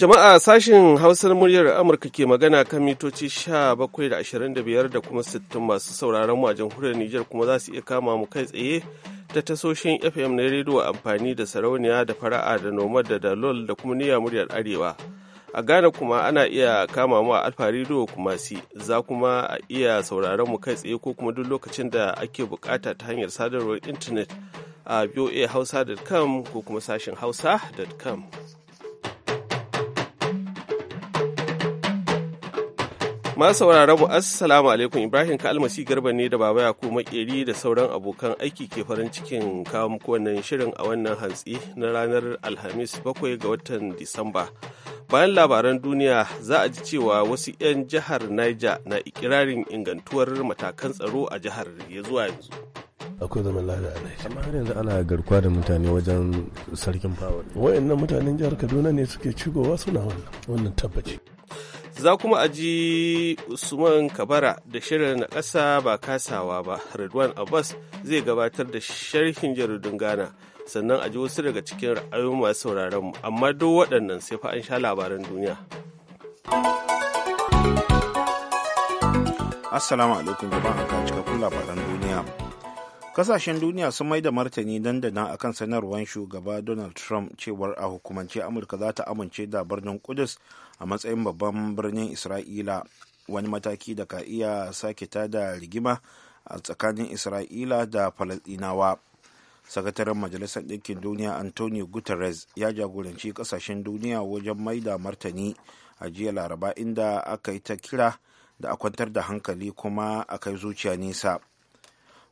Jama'a sashen Hausar muryar Amurka ke magana kan mitoci bakwai da kuma 60 masu sauraron mu a jamhuriyar Nijar kuma za su iya kama mu kai tsaye ta tasoshin FM na rediyo amfani da sarauniya da fara'a da noma da dalol da kuma niyya muryar Arewa. A Ghana kuma ana iya kama mu a Alfa Radio kuma si za kuma a iya sauraron mu kai tsaye ko kuma duk lokacin da ake bukata ta hanyar sadarwar intanet a voahausa.com ko kuma sashen hausa.com. Masu sauraron mu assalamu alaikum Ibrahim ka almasi garba ne da baba Yakubu makeri da sauran abokan aiki ke farin cikin kawo muku wannan shirin a wannan hantsi na ranar Alhamis bakwai ga watan Disamba. Bayan labaran duniya za a ji cewa wasu 'yan jihar Niger na ikirarin ingantuwar matakan tsaro a jihar ya zuwa yanzu. akwai zaman lada a Niger. Amma har yanzu ana garkuwa da mutane wajen sarkin fawa. Wayannan mutanen jihar Kaduna ne suke cigowa suna wannan wannan tabbaci. za kuma a ji usman kabara da shirin na ƙasa ba kasawa ba redwan abbas zai gabatar da sharhin jaridun ghana sannan a ji wasu daga cikin ra'ayoyin masu sauraron mu amma duk waɗannan sai fa an sha labaran duniya assalamu alaikum jama'a ga cikakkun labaran duniya kasashen duniya sun mai da martani dandana akan sanarwar shugaba donald trump cewar a hukumance amurka za ta amince da birnin kudus a matsayin babban birnin isra'ila wani mataki da ka iya sake tada rigima a tsakanin isra'ila da falasɗinawa sakataren majalisar ɗinkin duniya antonio guterres ya jagoranci ƙasashen duniya wajen maida martani a jiya laraba inda aka yi ta kira da a kwantar da hankali kuma a kai zuciya nisa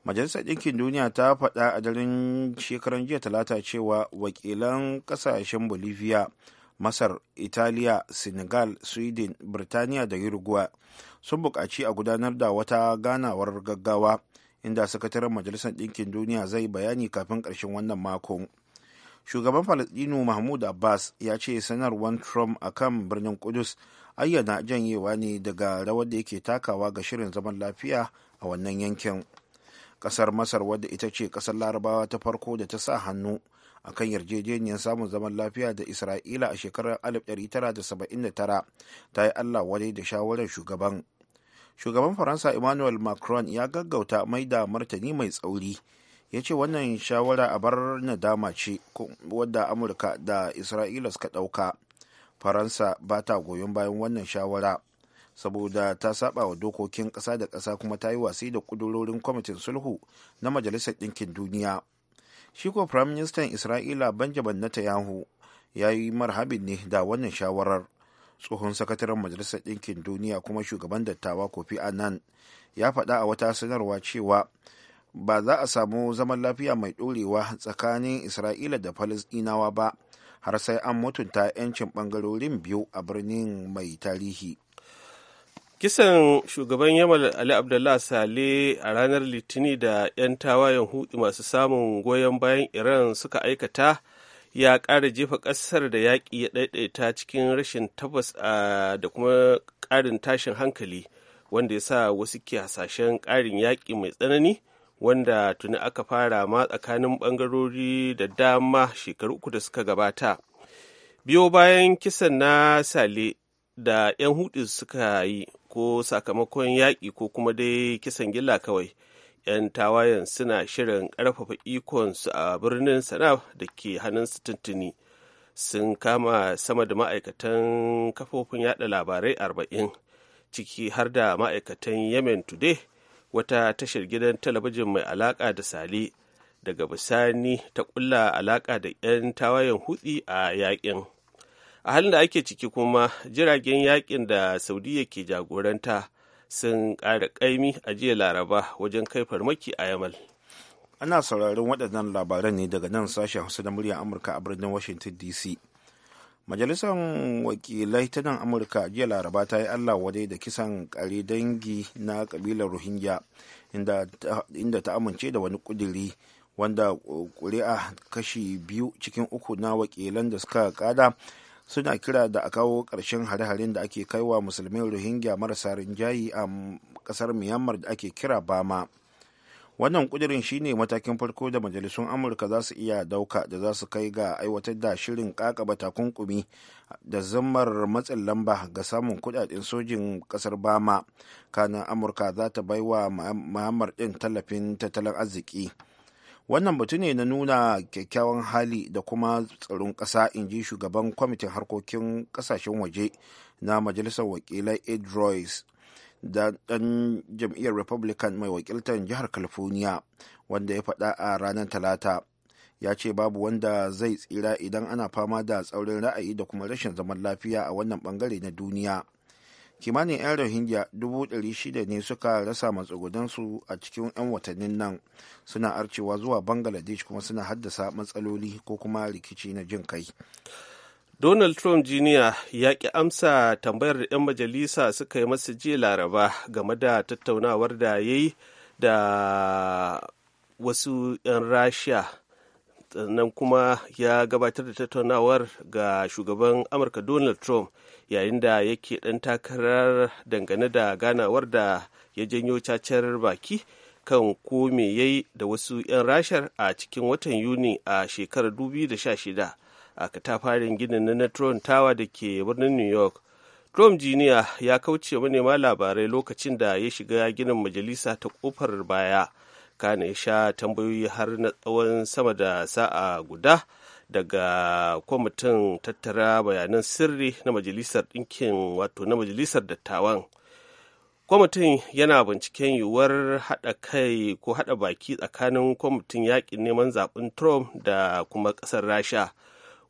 majalisar ɗinkin duniya ta faɗa a daren shekaran jiya talata cewa wakilan ƙasashen bolivia masar italiya senegal sweden birtaniya da uruguay sun buƙaci a gudanar da wata ganawar gaggawa inda sakataren majalisar ɗinkin duniya zai bayani kafin ƙarshen wannan makon shugaban falasɗinu mahmud abbas ya ce sanarwar trump a kan birnin kudus ayyana janyewa ne daga rawar da yake takawa ga shirin zaman lafiya a wannan yankin ƙasar masar wadda ita ce ƙasar larabawa ta farko da ta sa hannu a kan yarjejeniyar samun zaman lafiya da isra'ila a shekarar 1979 ta yi allah wadai da shawarar shugaban shugaban faransa emmanuel macron ya gaggauta mai da martani mai tsauri ya ce wannan shawara a bar nadama ce wadda amurka da isra'ila suka ɗauka faransa ba ta goyon bayan wannan shawara saboda ta saba wa dokokin ƙasa da ƙasa kuma ta yi wasi da ƙudurorin kwamitin sulhu na majalisar ɗinkin duniya shi ko firayim ministan isra'ila benjamin netanyahu ya yi marhabin ne da wannan shawarar tsohon sakataren majalisar ɗinkin duniya kuma shugaban dattawa kofi annan ya faɗa a wata sanarwa cewa ba za a samu zaman lafiya mai ɗorewa tsakanin isra'ila da falasɗinawa ba har sai an mutunta 'yancin ɓangarorin biyu a birnin mai tarihi kisan shugaban yamal ali abdullah sale a ranar litini da 'yan tawayen hudu masu samun goyon bayan iran suka aikata ya ƙara jefa ƙasar da yaƙi ya ɗaiɗaita cikin rashin tabbas da kuma ƙarin tashin hankali wanda ya sa wasu ke hasashen ƙarin yaƙi mai tsanani wanda tuni aka fara ma tsakanin ɓangarori da dama shekaru uku da suka gabata biyo bayan kisan na sale da 'yan hudu suka yi ko sakamakon yaƙi ko kuma dai kisan gilla kawai 'yan tawayen suna shirin ƙarfafa ikonsu a birnin sana'a da ke hannun tuntuni sun kama sama da ma'aikatan kafofin yada labarai arba'in ciki har da ma'aikatan yemen today wata tashar gidan talabijin mai alaƙa da sale daga bisani ta ƙulla alaƙa da 'yan tawayen hutsi a yaƙin a halin da ake ciki kuma jiragen yakin da saudiya ke jagoranta sun ƙara ƙaimi a jiya laraba wajen kai farmaki a yamal ana sauraron waɗannan labaran ne daga nan sashen hausa da muryar amurka a birnin washington dc majalisar wakilai ta nan amurka jiya laraba ta yi allah wadai da kisan kare dangi na ƙabilar rohingya inda ta amince da wani ƙudiri wanda ƙuri'a kashi biyu cikin uku na wakilan da suka kada suna kira da a kawo ƙarshen hare-haren da ake kai wa musulmin rohingya marasa rinjayi a ƙasar myanmar da ake kira bama wannan kudirin shine matakin farko da majalisun amurka za su iya dauka da za su kai ga aiwatar da shirin kakaba takunkumi da zammar matsin lamba ga samun kudaden sojin kasar bama kanan amurka za ta baiwa muhammad din tallafin tattalin arziki wannan batu ne na nuna kyakkyawan hali da kuma tsaron ƙasa in ji shugaban kwamitin harkokin ƙasashen waje na majalisar wakilai ed royce da ɗan jam'iyyar republican mai wakiltar jihar california wanda ya faɗa a ranar talata ya ce babu wanda zai tsira idan ana fama da tsaurin ra'ayi da kuma rashin zaman lafiya a wannan bangare na duniya kimanin 'yan rohingya 600 ne suka rasa matsugudansu a cikin 'yan watannin nan suna arcewa zuwa bangladesh kuma suna haddasa matsaloli ko kuma rikici na jin kai donald trump jr ya ki amsa tambayar da 'yan majalisa suka yi masa jiya laraba game da tattaunawar da ya yi da wasu 'yan rasha sannan kuma ya gabatar da tattaunawar ga shugaban amurka donald trump yayin da yake ɗan takarar dangane da ganawar da ya janyo cacar baki kan ko me yayi da wasu 'yan rashar a cikin watan yuni a shekarar 2016 a katafarin ginin na netron Tower da ke birnin New York. Trump jiniya ya kauce manema labarai lokacin da ya shiga ginin majalisa ta kofar baya. Kana ya sha tambayoyi har na tsawon sama da sa'a guda daga kwamitin tattara bayanan sirri na majalisar ɗinkin wato na majalisar dattawan kwamitin yana binciken yiwuwar haɗa kai ko haɗa baki tsakanin kwamitin yaƙin neman zaɓen trump da kuma ƙasar rasha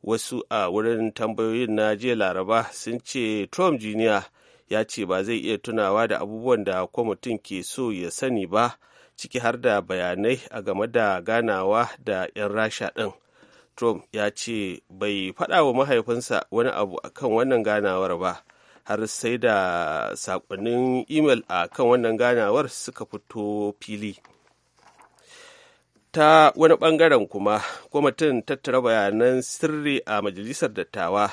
wasu a wurin tambayoyin na jiya laraba sun ce trump jr ya ce ba zai iya tunawa da abubuwan da kwamitin ke so ya sani ba ciki har da bayanai a game da ganawa da 'yan rasha ɗin trump ya ce bai faɗa wa mahaifinsa wani abu akan wannan ganawar ba har sai da saƙonnin imel a kan wannan ganawar suka fito fili ta wani ɓangaren kuma kwamitin tattara bayanan sirri a majalisar dattawa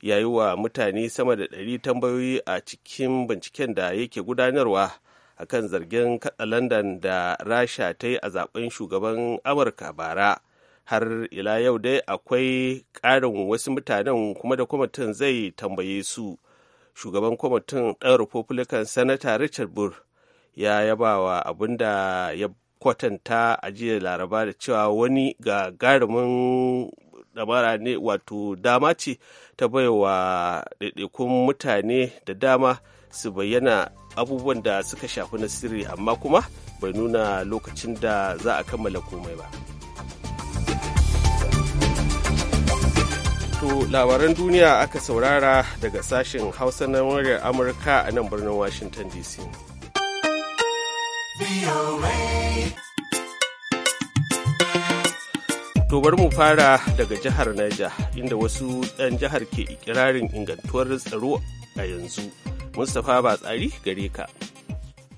ya yi wa mutane sama da ɗari tambayoyi a cikin binciken da yake gudanarwa a kan zargin katsalandan da rasha ta yi a zaben shugaban amurka bara har ila yau dai akwai ƙarin wasu mutanen kuma da kwamitin zai tambaye su shugaban kwamitin ɗan republican senator richard burr ya yaba wa abin da ya kwatanta a jiya laraba da cewa wani ga garimin damara ne wato dama ce ta baiwa ɗaiɗaikun mutane da dama su bayyana abubuwan da suka shafi na sirri amma kuma bai nuna lokacin da za a kammala komai ba. To labaran duniya aka saurara daga sashen Hausa na muryar Amurka a nan birnin Washington DC. To mu fara daga jihar Naija inda wasu yan jihar ke ikirarin ingantuwar tsaro a yanzu. Mustapha tsari gare ka.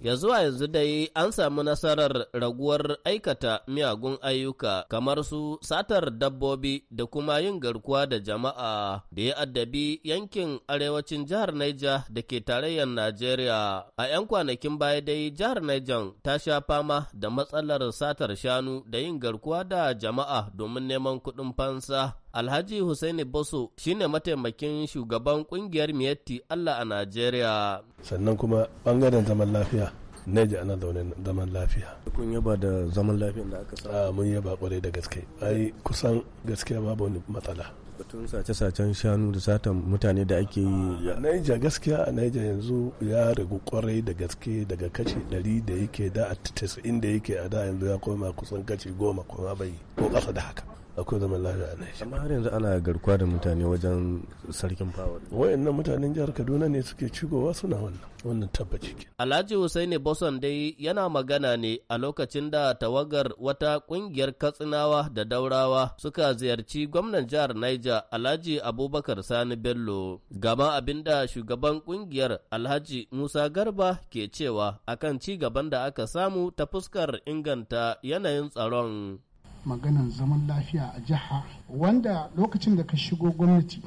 Ya zuwa yanzu dai an samu nasarar raguwar aikata miyagun ayyuka kamar su satar dabbobi da kuma yin garkuwa da jama'a da ya addabi yankin arewacin jihar Naija da ke tarayyar Najeriya. A 'yan kwanakin baya dai jihar Niger ta sha fama da matsalar satar shanu da yin garkuwa da jama'a domin neman kuɗin fansa. Alhaji Hussaini Boso shine mataimakin shugaban kungiyar Mietti Allah a Najeriya. Sannan kuma bangaren zaman lafiya ji ana zaune zaman lafiya. Kun yaba da zaman lafiyan da aka samu? Ah, mun yaba kwarai da gaske. Ai kusan gaskiya ba wani matsala. Batun sace-sacen shanu da satan mutane da ake yi. Naija gaskiya a Naija yanzu ya ragu kwarai da gaske daga kashi ɗari da yake da a 90 da yake a da yanzu ya koma kusan kashi goma kuma bai ko ƙasa da haka. akwai zaman lafiya a shi. Amma har yanzu ana garkuwa da mutane wajen sarkin fawar. Wayannan mutanen jihar Kaduna ne suke cigowa suna wannan wannan tabbaci. Alhaji Hussaini Boson dai yana magana ne a lokacin da tawagar wata kungiyar Katsinawa da Daurawa suka ziyarci gwamnan jihar Niger Alhaji Abubakar Sani Bello. Gama abinda shugaban kungiyar Alhaji Musa Garba ke cewa akan ci gaban da aka samu ta fuskar inganta yanayin tsaron. maganan zaman lafiya a jiha wanda lokacin da ka shigo gwamnati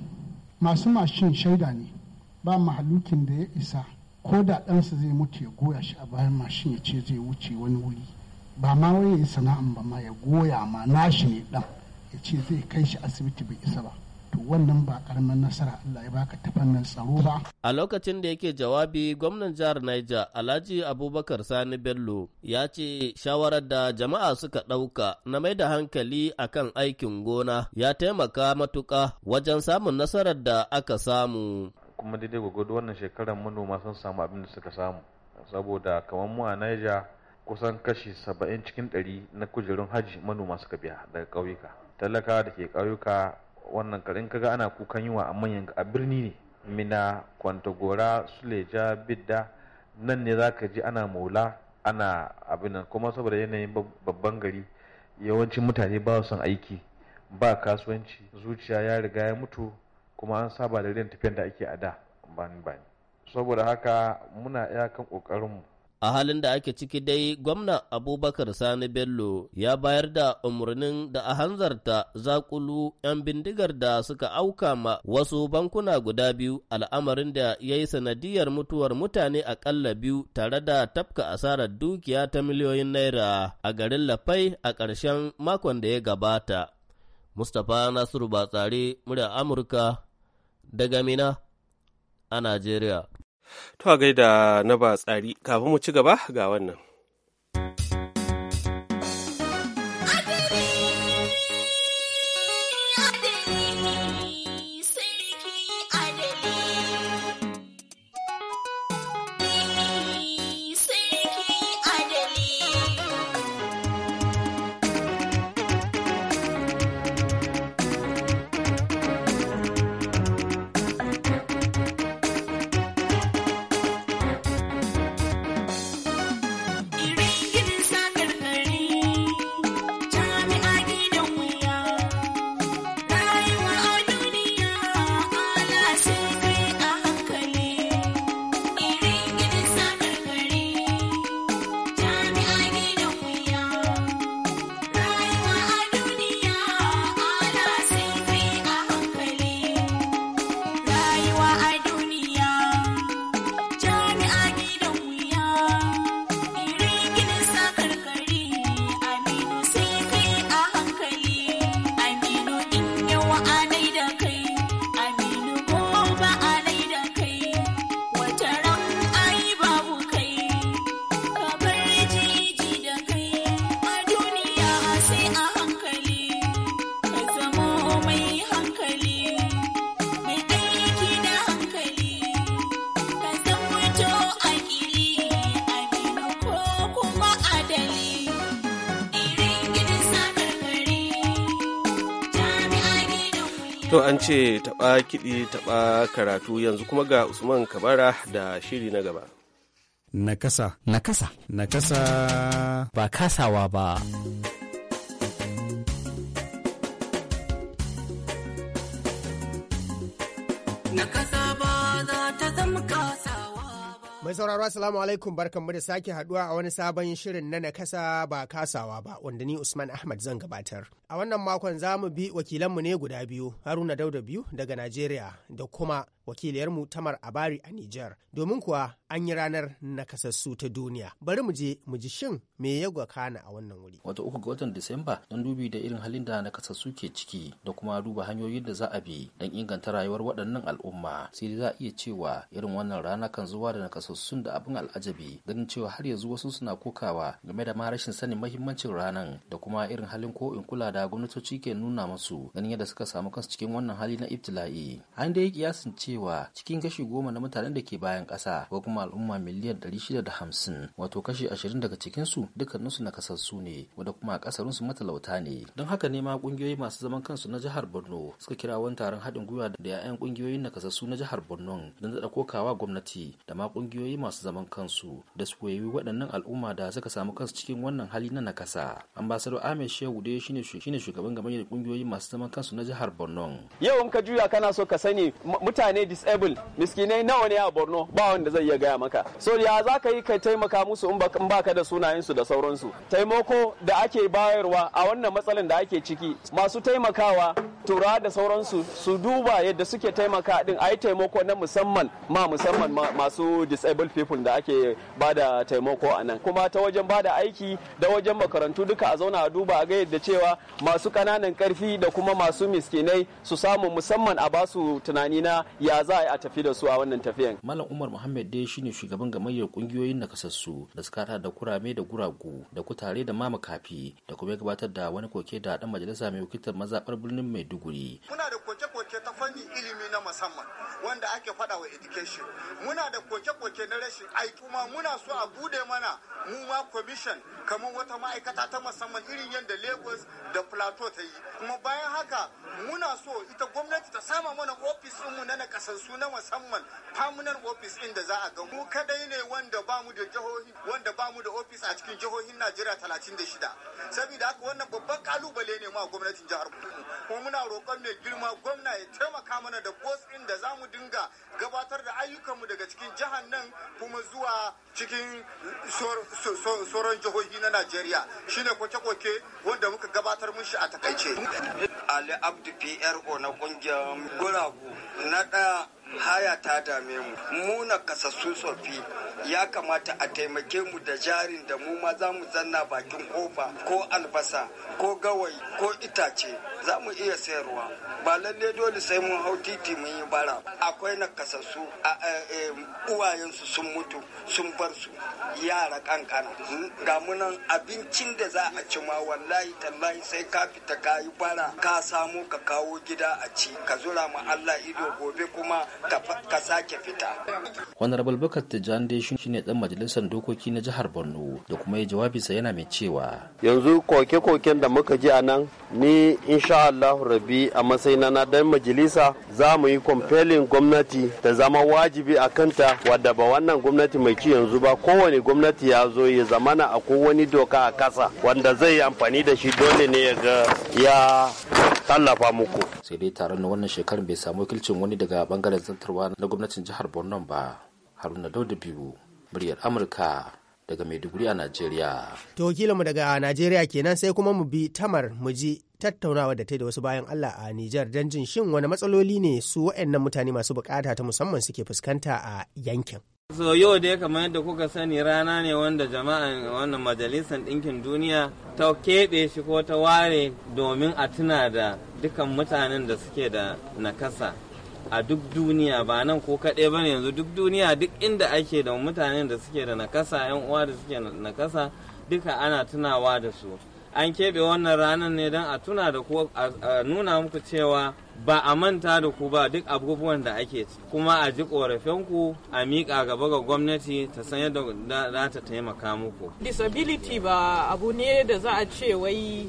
masu mashin shaida ne ba mahalukin da ya isa ko da ɗansa zai mutu ya goya shi a bayan mashin ya ce zai wuce wani wuri ba ma wai ya yi sana'an ba ma ya goya ma nashi ne ɗan ya ce zai kai shi asibiti bai isa ba to wannan ba karamin nasara Allah ya baka ta fannin tsaro ba a lokacin da yake jawabi gwamnan jihar Niger Alhaji Abubakar Sani Bello ya ce shawarar da jama'a suka ɗauka na mai da hankali akan aikin gona ya taimaka matuƙa wajen samun nasarar da aka samu kuma daidai gwagwado wannan shekarar manoma sun samu abin da suka samu saboda kamar mu a Niger kusan kashi saba'in cikin ɗari na kujerun haji manoma suka biya daga ƙauyuka talaka da ke ƙauyuka wannan karin kaga ana kukan yiwa a manyan a birni ne mina kwantagora suleja bidda nan ne za ka ji ana maula ana abinan kuma saboda yanayin babban gari yawancin mutane ba son aiki ba kasuwanci zuciya ya riga ya mutu kuma an saba da rin tafiyan da ake a da bani bani saboda haka muna iyakan ƙoƙarinmu A halin da ake ciki dai gwamna Abubakar Sani Bello ya bayar da umarnin da a hanzarta zakulu 'yan bindigar da suka auka ma wasu bankuna guda biyu al'amarin da ya yi sanadiyar mutuwar mutane akalla biyu tare da tafka asarar dukiya ta miliyoyin naira a garin Lafai a ƙarshen makon da ya gabata. Mustapha Nasiru Batsari, murya Amurka, daga Mina a Najeriya. To a gaida na ba tsari kafin mu ci gaba ga wannan. an ce taɓa kiɗi taɓa karatu yanzu kuma ga usman kabara da shiri na gaba nakasa nakasa nakasa ba kasawa ba nakasa Mai sauraro Assalamu alaikum barkanmu da sake haduwa a wani sabon shirin na nakasa ba kasawa ba wanda ni Usman Ahmad zan gabatar. A wannan makon za mu bi wakilanmu ne guda biyu Haruna Dauda biyu daga Najeriya da kuma wakiliyarmu Tamar Abari a Nijar, domin kuwa an yi ranar nakasassu ta duniya. Bari mu je mu ji shin me ya kana a wannan wuri. Wata uku ga watan Disamba don dubi da irin halin da nakasassu ke ciki da kuma duba hanyoyin da za a bi don inganta rayuwar waɗannan al'umma. Sai da za a iya cewa irin wannan rana kan zuwa da nakasassun da abin al'ajabi ganin cewa har yanzu wasu suna kokawa game da ma rashin sanin mahimmancin ranar da kuma irin halin ko in kula da gwamnatoci ke nuna masu ganin yadda suka samu kansu cikin wannan hali na ibtila'i. An dai kiyasin cewa. cewa cikin kashi goma na mutanen da ke bayan kasa ko kuma al'umma miliyan 650 wato kashi 20 daga cikinsu dukkaninsu na kasassu ne wanda kuma kasarinsu matalauta ne don haka ne ma ƙungiyoyi masu zaman kansu na jihar borno suka kira wani taron haɗin gwiwa da 'ya'yan ƙungiyoyin na kasassu na jihar borno don daɗa kokawa gwamnati da ma ƙungiyoyi masu zaman kansu da su koyi waɗannan al'umma da suka samu kansu cikin wannan hali na nakasa ambassador ahmed shehu dai shine shine shugaban gamayyar ƙungiyoyi masu zaman kansu na jihar borno yau in ka juya kana so ka sani mutane disable miskinai nawa ne a borno ba wanda zai iya gaya maka so ya za ka yi ka taimaka musu in baka da sunayensu da sauransu taimako da ake bayarwa a wannan matsalan da ake ciki masu taimakawa tura da sauransu su duba yadda suke taimaka din a yi taimako na musamman ma musamman masu disabled people da ake bada taimako a nan kuma ta wajen ba da aiki da wajen makarantu duka a zauna a duba a ga yadda cewa masu kananan karfi da kuma masu miskinai su samu musamman a basu tunani na ya ya za a tafi da su a wannan tafiyan. Malam Umar Muhammad dai shine shugaban gamayyar kungiyoyin nakasassu da suka da kurame da guragu da kutare da mama kafi da kuma gabatar da wani koke da dan majalisa mai wakiltar mazabar birnin Maiduguri. Muna da koke-koke ta fanni ilimi na musamman wanda ake faɗa wa education. Muna da koke-koke na rashin aiki kuma muna so a bude mana mu ma commission kamar wata ma'aikata ta musamman irin yadda Lagos da Plateau ta yi. Kuma bayan haka muna so ita gwamnati ta sama mana ofis mu na nakasa kasassu na musamman permanent ofis din da za a ga mu kadai ne wanda ba mu da jihohi wanda ba mu da office a cikin jihohin Najeriya 36 saboda haka wannan babban kalubale ne ma gwamnatin jihar Kudu kuma muna roƙon mai girma gwamna ya taimaka mana da bos din da za mu dinga gabatar da ayyukan mu daga cikin jihar nan kuma zuwa cikin sauran jihohi na Najeriya shine kwake-kwake wanda muka gabatar mun shi a takaice Ali Abdu PRO na kungiyar Guragu na ɗaya haya ta dame mu mu kasassu tsofi ya kamata a taimake mu da jarin da mu ma za mu zanna bakin kofa ko albasa ko gawayi ko itace za mu iya sayarwa ba lalle dole sai mun hau titi mun yi bara akwai nakasassu uwayensu sun mutu sun bar su yara kankana ga munan abincin da za a ci ma wallahi tallahi sai ka fita ka yi bara ka samu ka kawo gida a ci ka zura ma Allah ido gobe kuma ka sake fita honorable bukar tijan dai shine dan majalisar dokoki na jihar borno da kuma ya jawabi sa yana mai cewa yanzu koke-koken da muka ji a nan ni insha Allah rabi a matsayina na dan majalisa za mu yi kwamfelin gwamnati ta zama wajibi a kanta wadda ba wannan gwamnati mai ci yanzu ba kowane gwamnati ya zo ya zamana a wani doka a kasa wanda zai yi amfani da shi dole ne ya ga ya tallafa muku. Sai dai taron na wannan shekarun bai samu wakilcin wani daga bangaren zantarwa na gwamnatin jihar Borno ba. Haruna Dauda Biyu, muryar Amurka daga Maiduguri a Najeriya. To mu daga Najeriya kenan sai kuma mu bi tamar mu ji tattaunawa da ta da wasu bayan Allah a Nijar don jin shin wani matsaloli ne su waɗannan mutane masu bukata ta musamman suke fuskanta a yankin. So yau dai kamar yadda kuka sani rana ne wanda jama'a wannan majalisar ɗinkin duniya ta keɓe shi ko ta ware domin a tuna da dukkan mutanen da suke da nakasa a duk duniya ba nan ko kaɗai ba yanzu duk duniya duk inda ake da mutanen da suke da nakasa 'yan uwa da suke nakasa duka ana tunawa da su. an keɓe wannan ranar ne don a tuna da ku a nuna muku cewa ba a manta da ku ba duk abubuwan da ake ci kuma a ji ƙorafinku a miƙa gaba ga gwamnati ta san yadda za ta taimaka muku. disability ba abu ne da za a ce wai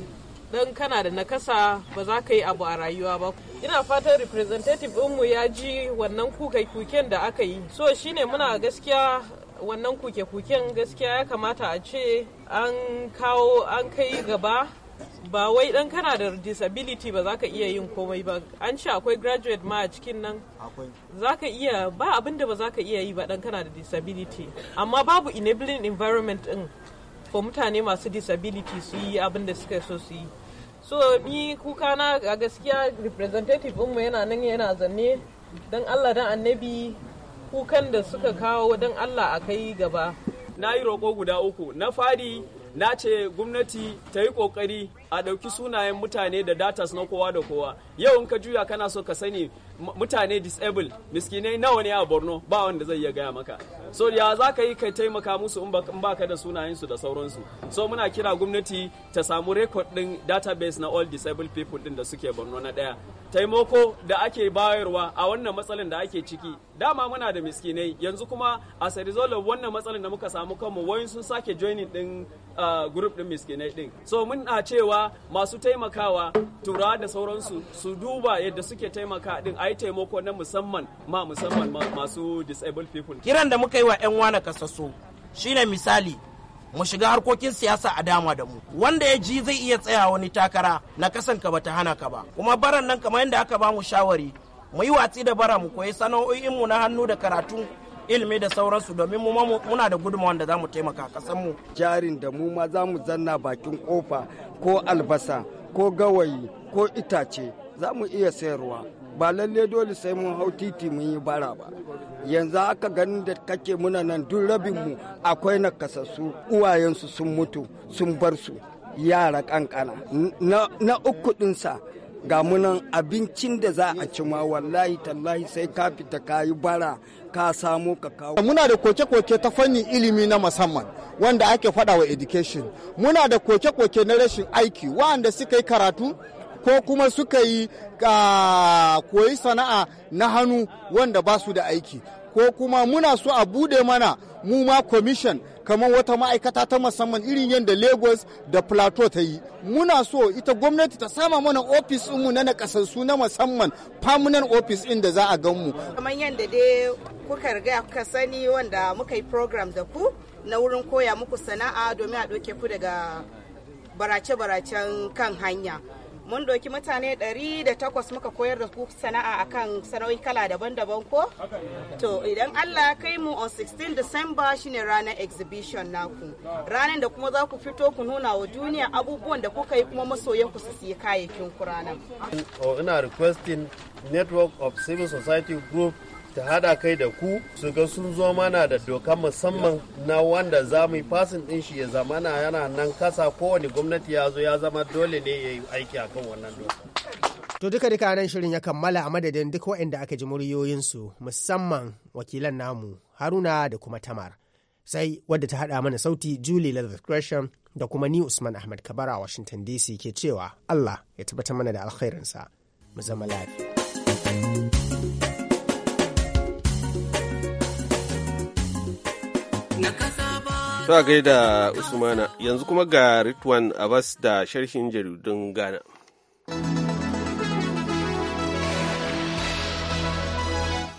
dan kana da nakasa ba za ka yi abu a rayuwa ba ina fatan representative ɗinmu ya ji wannan kuka kuken da aka yi so shine muna gaskiya wannan kuke-kuken gaskiya ya kamata a ce an kawo an kai gaba ba wai dan kana da disability ba za ka iya yin komai ba an ce akwai graduate ma a cikin nan za ka iya ba abin ba za ka iya yi ba dan kana da disability amma babu enabling environment din for mutane masu disability su yi abin da suka so su yi so ni kuka na a gaskiya representative mu yana nan yana zanne don allah dan annabi kukan da suka kawo don Allah a kai gaba. Na yi roƙo guda uku, na fari na ce gwamnati ta yi ƙoƙari a ɗauki sunayen mutane da datas na kowa da kowa yau in ka juya kana so ka sani mutane disable miskinai nawa ne a borno ba wanda zai iya gaya maka so ya za ka yi ka taimaka musu in ba ka da sunayensu da sauransu so muna kira gwamnati ta samu record din database na all disabled people din da suke borno na ɗaya taimako da ake bayarwa a wannan matsalin da ake ciki dama muna da miskinai yanzu kuma a sarizola wannan matsalin da muka samu kanmu wayin sun sake joining din ah, group din miskinai din so muna cewa kuma masu taimakawa tura da sauransu su duba yadda suke taimaka din a taimako na musamman ma musamman masu disabled people kiran da muka yi wa 'yan wana kasasu shine misali mu shiga harkokin siyasa a dama da mu wanda ya ji zai iya tsaya wani takara na kasan ka bata hana ka ba kuma baran nan kamar yadda aka ba mu shawari mu yi watsi da bara mu koyi sana'o'in mu na hannu da karatu ilimi da sauransu domin mu muna da gudunmawa da za mu taimaka kasan mu jarin da mu ma za mu zanna bakin kofa ko albasa ko gawayi ko itace za mu iya sayarwa ba lalle dole sai mun hau titi mun yi bara ba yanzu aka ganin da kake muna nan duk mu akwai nakasassu uwayensu sun mutu sun bar su yara kankana na, na uku dinsa ga munan abincin da za a ci ma wallahi tallahi sai ka fita ka yi bara ka samo ka kawo. Muna da koke-koke ta fannin ilimi na musamman wanda ake faɗa wa education. Muna da koke-koke na rashin aiki wanda suka yi karatu ko kuma suka yi koyi sana'a na hannu wanda ba su da aiki. Ko kuma muna so a bude mana mu ma commission kamar wata ma'aikata ta musamman irin yadda lagos da plateau ta yi muna so ita gwamnati ta sama mana ofis mu na nakasassu na musamman permanent ofis ɗin da za a gan mu kamar yadda dai kuka riga kuka sani wanda muka yi program da ku na wurin koya muku sana'a domin a ɗauke ku daga barace-baracen kan hanya mun ɗauki mutane 108 muka koyar da ku sana'a akan sana'o'i kala daban-daban ko to idan allah ya kai mu on 16 december shine ranar exhibition naku ranar da kuma za ku fito ku nuna wa duniya abubuwan da kuka yi kuma masoyan ku su siya kayayyakin ku ranar oh, ina requesting network of civil society group ta haɗa kai da ku su ga sun zo mana da doka musamman na wanda za mu yi fasin ɗin shi ya zamana yana nan kasa kowane gwamnati ya zo ya zama dole ne ya yi aiki akan wannan doka. To duka duka nan shirin ya kammala a madadin duk waɗanda aka ji muryoyinsu musamman wakilan namu Haruna da kuma Tamar. Sai wadda ta haɗa mana sauti Julie Leather Gresham da kuma ni Usman Ahmad Kabara a Washington DC ke cewa Allah ya tabbatar mana da alkhairinsa. Mu zama lafiya. To a gaida Usmana, yanzu kuma ga Ritwan Abbas da sharhin jaridun Ghana.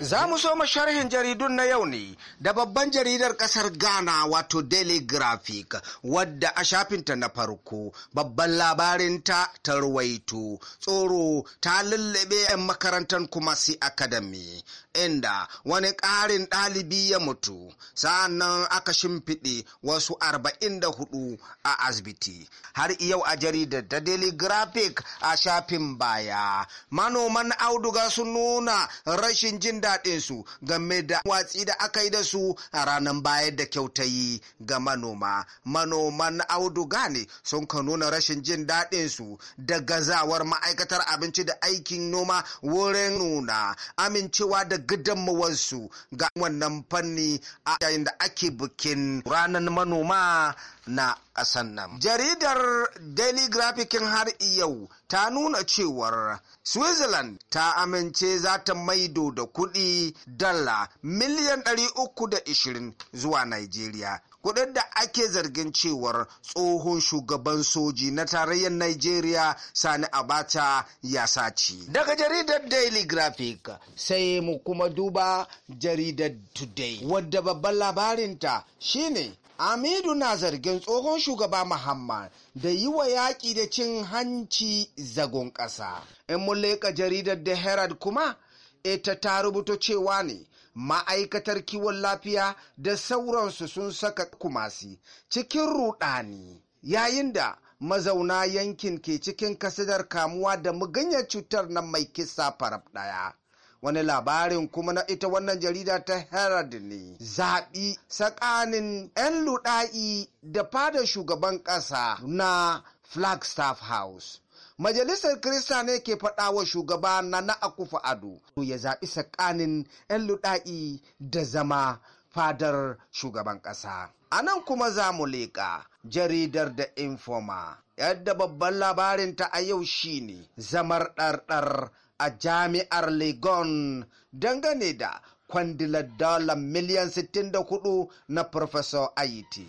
Za mu so sharhin jaridun na yau ne da babban jaridar ƙasar Ghana wato Daily Graphic wadda a shafinta na farko babban labarin ta ruwaito tsoro ta lullube 'yan makarantar Kumasi Academy inda wani ƙarin ɗalibi ya mutu sa'annan aka shimfiɗe wasu 44 a asibiti har yau a jaridar da Daily Graphic a shafin baya manoman auduga sun nuna rashin jin daɗi ɗinsu game da watsi da aka yi da su a ranar bayar da kyautayi ga manoma manoman auduga ne sun ka nuna rashin jin daɗinsu da gazawar ma'aikatar abinci da aikin noma wurin nuna amincewa da gudunmawarsu ga wannan fanni a yayin da ake bikin ranar manoma na ƙasan nan. Jaridar Daily Graphic har yau ta nuna cewar Switzerland ta amince za ta maido da kuɗi dala miliyan 320 zuwa Nigeria. Kuɗin da ake zargin cewar tsohon shugaban soji na tarayyar Nigeria Sani Abacha ya sace. Daga jaridar Daily Graphic sai mu kuma duba jaridar Today wadda babban labarinta shine Amidu na zargin tsohon shugaba Muhammad da yi wa yaƙi da cin hanci zagon ƙasa. In mun leƙa jaridar da Herald kuma, ita ta rubuto cewa ne ma'aikatar kiwon lafiya da sauransu sun saka kumasi cikin ruɗani yayin da mazauna yankin ke cikin kasidar kamuwa da muganyar cutar na mai kisa farab ɗaya. wani labarin kuma na ita wannan jarida ta herald ne zaɓi tsakanin 'yan luɗa'i da fadar shugaban ƙasa na flagstaff house majalisar kirista ne ke faɗa wa shugaba na na akufa ado ya zaɓi tsakanin 'yan luɗa'i da zama fadar shugaban ƙasa a nan kuma za mu leƙa jaridar da informa yadda babban labarinta a yau shine zamar ɗarɗar a jami'ar Legon dangane da kwandilar dala miliyan 64 na Professor Aiti.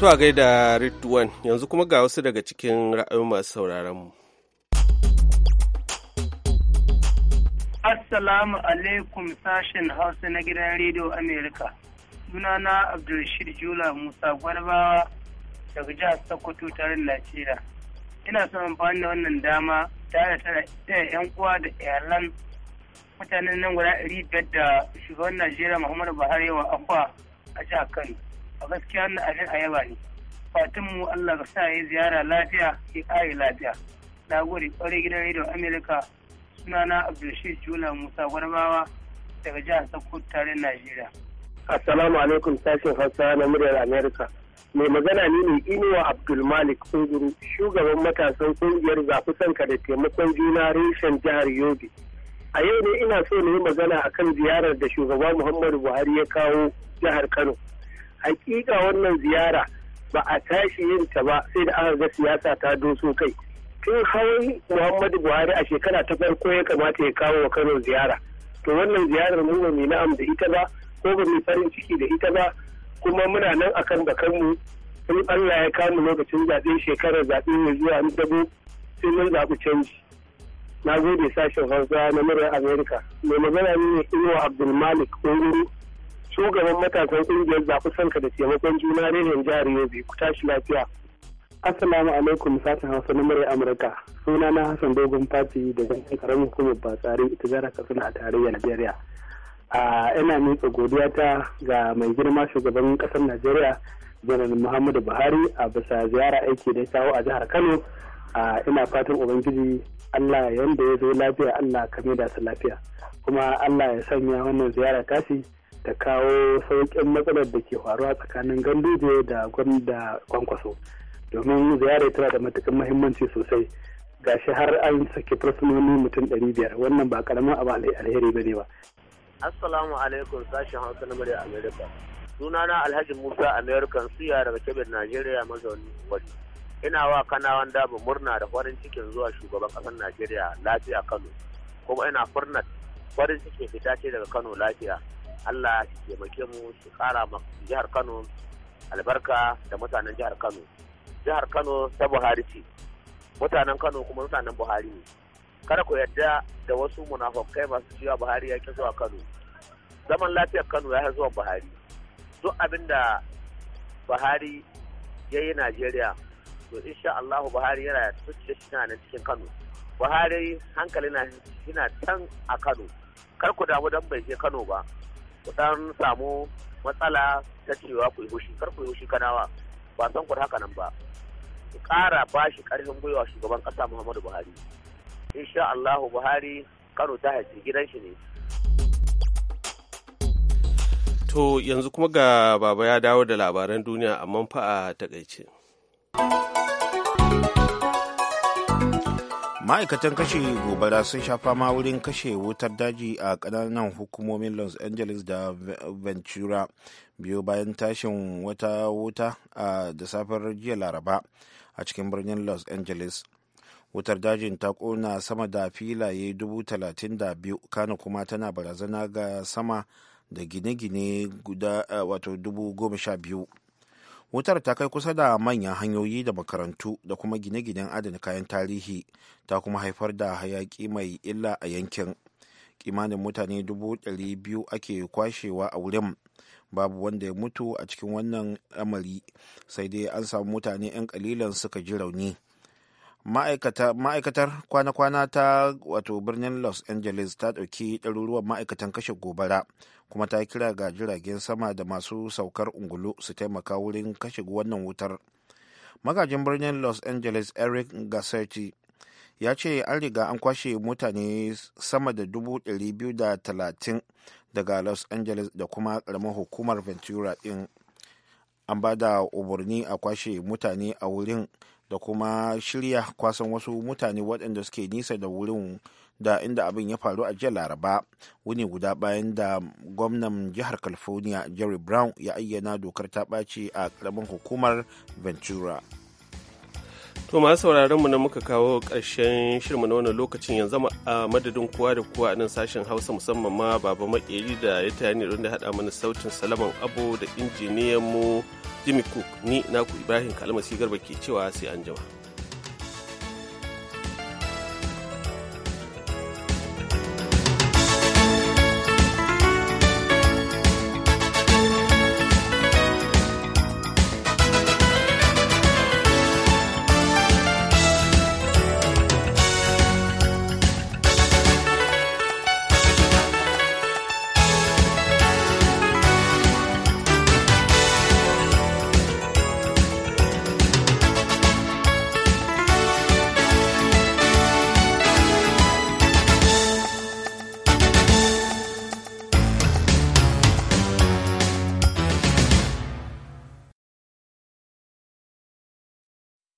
To a gaida Ritwan yanzu kuma ga wasu daga cikin ra'ayoyin masu mu. Assalamu alaikum sashen Hausa na gidan Rediyo Amerika. Sunana Abdulrashid Jula Musa Gwarbawa daga jihar Sokoto tare Najeriya. ina son amfani da wannan dama tare da yan uwa da iyalan mutanen nan guda ɗari biyar da shugaban najeriya muhammadu buhari wa akwa a jihar kano a gaskiya wannan abin a yaba ne fatin mu allah ka sa yi ziyara lafiya ya kare lafiya na gode ƙwarai gidan rediyon amerika sunana abdulrashid jula musa gwarbawa daga jihar sokoto tare najeriya assalamu alaikum sashin hausa na muryar america. mai magana ne mai inuwa abdulmalik kunguru shugaban matasan kungiyar zafi sanka da taimakon juna reshen jihar yobe a yau ne ina so na yi magana akan ziyarar da shugaba muhammadu buhari ya kawo jihar kano hakika wannan ziyara ba a tashi yin ta ba sai da aka ga siyasa ta doso kai tun hawan muhammadu buhari a shekara ta farko ya kamata ya kawo wa kano ziyara to wannan ziyarar mu ba mai na'am da ita ba ko ba mai farin ciki da ita ba kuma muna nan akan da kanmu in Allah ya kama lokacin zaɓe shekarar zaɓe mai zuwa ni dabo sai mun zaɓi canji na gode sashen hausa na murar amerika mai magana ne inuwa abdulmalik ƙunguru shugaban matasan ƙungiyar zaɓi sanka da taimakon juna rehen jihar yobe ku tashi lafiya assalamu alaikum sashen hausa na murar amurka suna na hassan dogon fati daga ƙaramin hukumar batsari ita zarar katsina a tarayyar najeriya A ina miƙa godiya ta ga mai girma shugaban kasar najeriya janar muhammadu buhari a bisa ziyara aiki da ya kawo a jihar kano a ina fatan ubangiji allah ya yanda ya zo lafiya allah kame da su lafiya kuma allah ya sanya wannan ziyara tashi ta kawo sauƙin matsalar da ke faruwa tsakanin ganduje da gwamda kwankwaso domin ziyarar tana da matakan muhimmanci sosai gashi har an saki fursunoni mutum 500 wannan ba karamin abu alheri ba ne ba Assalamu alaikum sashen Hausa na murya Amerika. na Alhaji Musa American suya daga Kebbi Najeriya mazaunin Wadi. Ina wa kanawan dabu murna da farin cikin zuwa shugaban ƙasar Najeriya lafiya Kano. Kuma ina furna farin cikin fita ce daga Kano lafiya. Allah ya taimake mu su kara ma jihar Kano albarka da mutanen jihar Kano. Jihar Kano ta Buhari ce. Mutanen Kano kuma mutanen Buhari ne. kada ku yarda da wasu munafukai masu cewa buhari ya ki zuwa kano zaman lafiyar kano ya zuwa buhari duk abin da buhari ya yi najeriya to insha allahu buhari yana tuce shi nan cikin kano buhari hankali na yana can a kano kar ku damu don bai je kano ba ku dan samu matsala ta cewa ku yi hushi kar ku yi hushi kanawa ba san ku haka nan ba ku kara bashi karfin gwiwa shugaban kasa muhammadu buhari insha Allahu Buhari karo ta haifi gidan shi ne. To yanzu kuma ga baba ya dawo da labaran duniya amma fa a takaice. ma'aikatan kashe gobara sun sha fama wurin kashe wutar daji a kananan hukumomin los angeles da ventura biyu bayan tashin wata wuta da safar jiya laraba a cikin birnin los angeles wutar dajin ta kona sama da filaye dubu talatin da biyu kana kuma tana barazana ga sama da gine-gine guda eh, wato dubu sha biyu wutar ta kai kusa da manyan hanyoyi da makarantu da kuma gine-ginen adana kayan tarihi ta kuma haifar da hayaki mai illa a yankin kimanin mutane dubu ake kwashewa a wurin babu wanda ya mutu a cikin wannan amari sai dai an samu mutane 'yan kalilan suka ji rauni ma'aikatar kwana-kwana ta wato birnin los angeles ta ɗauki ɗaruruwan ma'aikatan kashe gobara kuma ta kira ga jiragen sama da masu saukar ungulu su taimaka wurin kashe wannan wutar magajin birnin los angeles eric gassetti ya ce an riga an kwashe mutane sama da 230 daga los angeles da kuma karamar hukumar ventura din an ba da a kwashe mutane a wurin da kuma shirya kwasan wasu mutane waɗanda suke nisa da wurin da inda abin ya faru a jiya laraba wuni guda bayan da gwamnan jihar california jerry brown ya ayyana dokar ta ɓaci a ƙaramin hukumar ventura To masu sauraron mu na muka kawo ƙarshen shirmu na wannan lokacin yanzu a madadin kowa da kowa a nan sashen Hausa musamman ma Baba Makeri da ya tayani da haɗa mana sautin Salaman Abo da injiniyan mu Jimmy Cook ni naku Ibrahim Kalmasi Garba ke cewa sai an jima.